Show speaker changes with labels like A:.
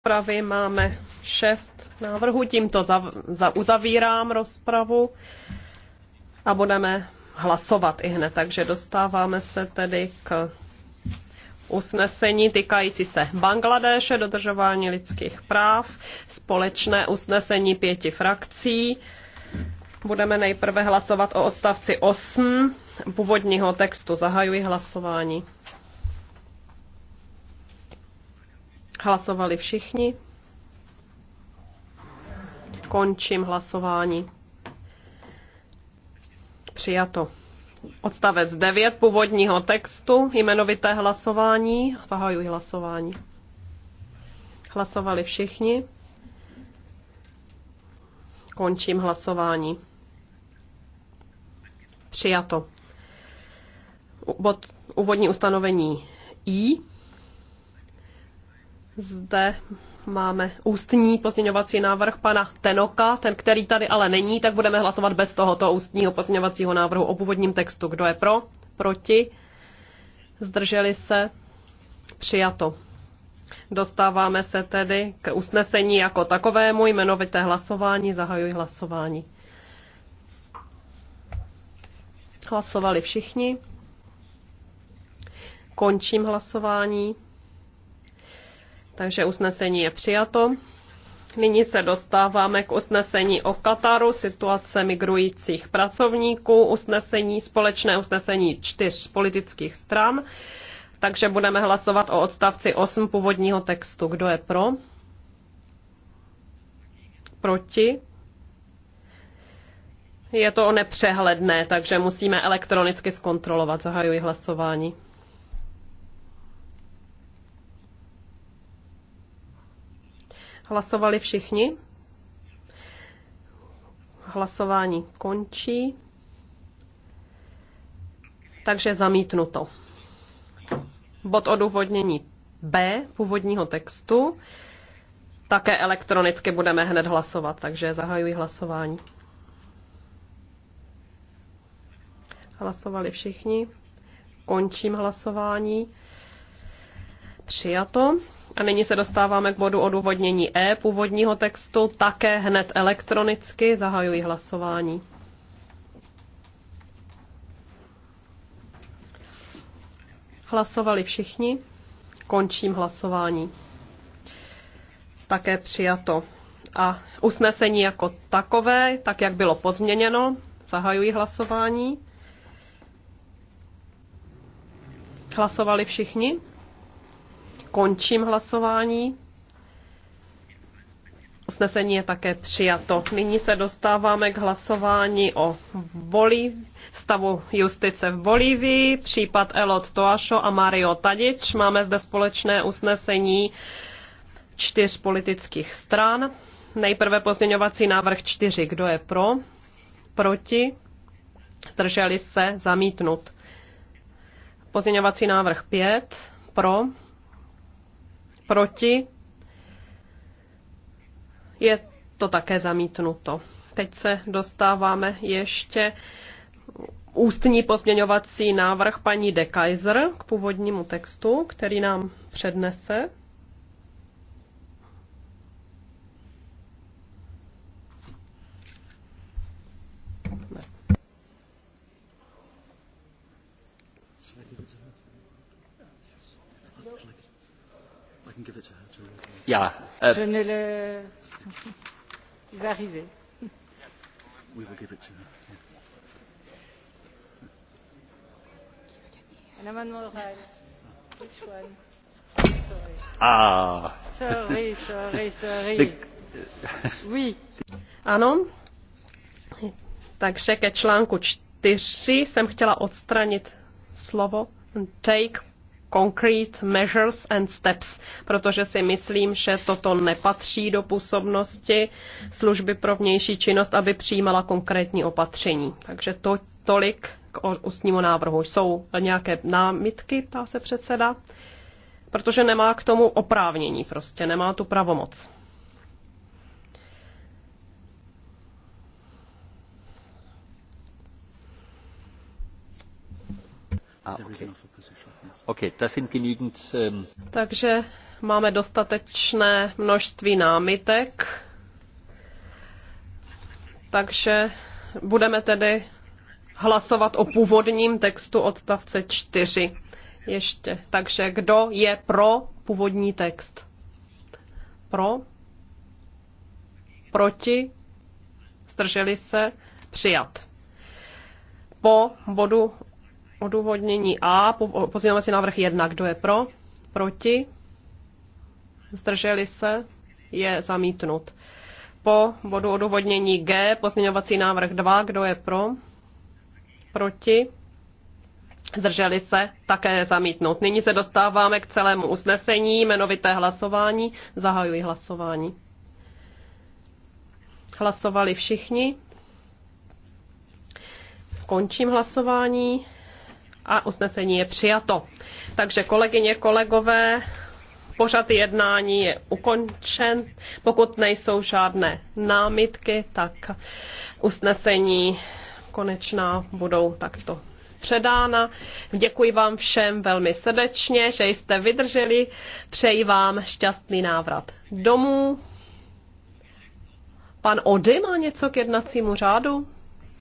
A: rozpravy máme šest návrhů. Tímto za, za, uzavírám rozpravu a budeme hlasovat i hned. Takže dostáváme se tedy k usnesení týkající se Bangladéše, dodržování lidských práv, společné usnesení pěti frakcí. Budeme nejprve hlasovat o odstavci 8 původního textu. Zahajuji hlasování. Hlasovali všichni. Končím hlasování. Přijato. Odstavec 9 původního textu, jmenovité hlasování. Zahajuji hlasování. Hlasovali všichni. Končím hlasování. Přijato. Bod, úvodní ustanovení I. Zde máme ústní pozměňovací návrh pana Tenoka, ten, který tady ale není, tak budeme hlasovat bez tohoto ústního pozměňovacího návrhu o původním textu. Kdo je pro? Proti? Zdrželi se? Přijato. Dostáváme se tedy k usnesení jako takovému, jmenovité hlasování, zahajuji hlasování. Hlasovali všichni. Končím hlasování. Takže usnesení je přijato. Nyní se dostáváme k usnesení o Kataru, situace migrujících pracovníků, usnesení, společné usnesení čtyř politických stran. Takže budeme hlasovat o odstavci 8 původního textu. Kdo je pro? Proti? Je to nepřehledné, takže musíme elektronicky zkontrolovat. Zahajuji hlasování. Hlasovali všichni? Hlasování končí. Takže zamítnuto. Bod odůvodnění B původního textu. Také elektronicky budeme hned hlasovat, takže zahajuji hlasování. Hlasovali všichni. Končím hlasování. Přijato. A nyní se dostáváme k bodu odůvodnění E původního textu, také hned elektronicky. Zahajuji hlasování. Hlasovali všichni. Končím hlasování. Také přijato. A usnesení jako takové, tak jak bylo pozměněno, zahajuji hlasování. Hlasovali všichni? Končím hlasování. Usnesení je také přijato. Nyní se dostáváme k hlasování o Boli, stavu justice v Bolívii, případ Elot Toašo a Mario Tadič. Máme zde společné usnesení čtyř politických stran. Nejprve pozměňovací návrh čtyři. Kdo je pro? Proti? Zdrželi se? Zamítnut. Pozměňovací návrh pět. Pro? Proti? Je to také zamítnuto. Teď se dostáváme ještě ústní pozměňovací návrh paní De Kaiser k původnímu textu, který nám přednese. Ano. Takže ke článku 4 jsem chtěla odstranit slovo take concrete measures and steps, protože si myslím, že toto nepatří do působnosti služby pro vnější činnost, aby přijímala konkrétní opatření. Takže to tolik k ústnímu návrhu. Jsou nějaké námitky, ptá se předseda, protože nemá k tomu oprávnění prostě, nemá tu pravomoc. Ah, ähm, Takže máme dostatečné množství námitek. Takže budeme tedy hlasovat o původním textu odstavce 4. Ještě. Takže kdo je pro původní text? Pro? Proti? Zdrželi se? Přijat. Po bodu Odůvodnění A, si návrh 1, kdo je pro? Proti? Zdrželi se? Je zamítnut. Po bodu odůvodnění G, pozměňovací návrh 2, kdo je pro? Proti? Zdrželi se? Také zamítnout. Nyní se dostáváme k celému usnesení, jmenovité hlasování. Zahajuji hlasování. Hlasovali všichni. Končím hlasování a usnesení je přijato. Takže kolegyně, kolegové, pořad jednání je ukončen. Pokud nejsou žádné námitky, tak usnesení konečná budou takto předána. Děkuji vám všem velmi srdečně, že jste vydrželi. Přeji vám šťastný návrat domů. Pan Ody má něco k jednacímu řádu?